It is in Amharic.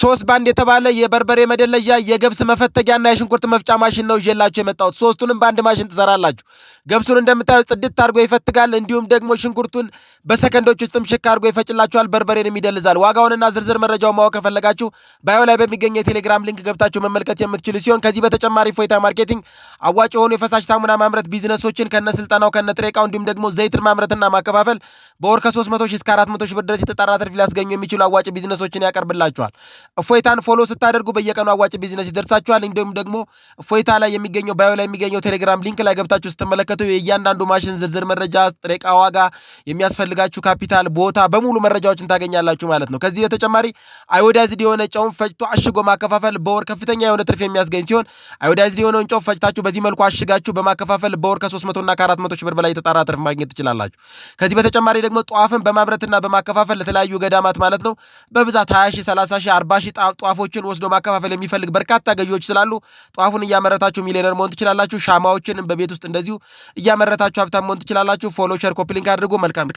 ሶስት ባንድ የተባለ የበርበሬ መደለያ የገብስ መፈተጊያና የሽንኩርት መፍጫ ማሽን ነው ይዤላችሁ የመጣሁት። ሶስቱንም በአንድ ማሽን ትሰራላችሁ። ገብሱን እንደምታዩ ጽድት አድርጎ ይፈትጋል። እንዲሁም ደግሞ ሽንኩርቱን በሰከንዶች ውስጥም ሽክ አድርጎ ይፈጭላችኋል። በርበሬንም ይደልዛል። ዋጋውንና ዝርዝር መረጃውን ማወቅ ከፈለጋችሁ ባዮ ላይ በሚገኘ የቴሌግራም ሊንክ ገብታችሁ መመልከት የምትችሉ ሲሆን ከዚህ በተጨማሪ ፎይታ ማርኬቲንግ አዋጭ የሆኑ የፈሳሽ ሳሙና ማምረት ቢዝነሶችን ከነ ስልጠናው ከነ ጥሬ እንዲሁም ደግሞ ዘይትን ማምረትና ማከፋፈል በወር ከ300 ሺህ እስከ 400 ሺህ ብር ድረስ የተጣራ ትርፍ ሊያስገኙ የሚችሉ አዋጭ ቢዝነሶችን ያቀርብላችኋል። እፎይታን ፎሎ ስታደርጉ በየቀኑ አዋጭ ቢዝነስ ይደርሳችኋል። እንዲሁም ደግሞ እፎይታ ላይ የሚገኘው ባዮ ላይ የሚገኘው ቴሌግራም ሊንክ ላይ ገብታችሁ ስትመለከቱ የሚመለከተው የእያንዳንዱ ማሽን ዝርዝር መረጃ፣ ጥሬ ዕቃ ዋጋ፣ የሚያስፈልጋችሁ ካፒታል፣ ቦታ በሙሉ መረጃዎችን ታገኛላችሁ ማለት ነው። ከዚህ በተጨማሪ አዮዳይዝድ የሆነ ጨውን ፈጭቶ አሽጎ ማከፋፈል በወር ከፍተኛ የሆነ ትርፍ የሚያስገኝ ሲሆን አዮዳይዝድ የሆነውን ጨው ፈጭታችሁ በዚህ መልኩ አሽጋችሁ በማከፋፈል በወር ከሶስት መቶና ከአራት መቶ ሺህ ብር በላይ የተጣራ ትርፍ ማግኘት ትችላላችሁ። ከዚህ በተጨማሪ ደግሞ ጧፍን በማምረትና በማከፋፈል ለተለያዩ ገዳማት ማለት ነው በብዛት 20 ሺህ፣ 30 ሺህ፣ 40 ሺህ ጧፎችን ወስዶ ማከፋፈል የሚፈልግ በርካታ ገዢዎች ስላሉ ጧፉን እያመረታችሁ ሚሊዮነር መሆን ትችላላችሁ። ሻማዎችንም በቤት ውስጥ እንደዚሁ እያመረታችሁ ሀብታም መሆን ትችላላችሁ። ፎሎ፣ ሸር፣ ኮፒ አድርጉ። መልካም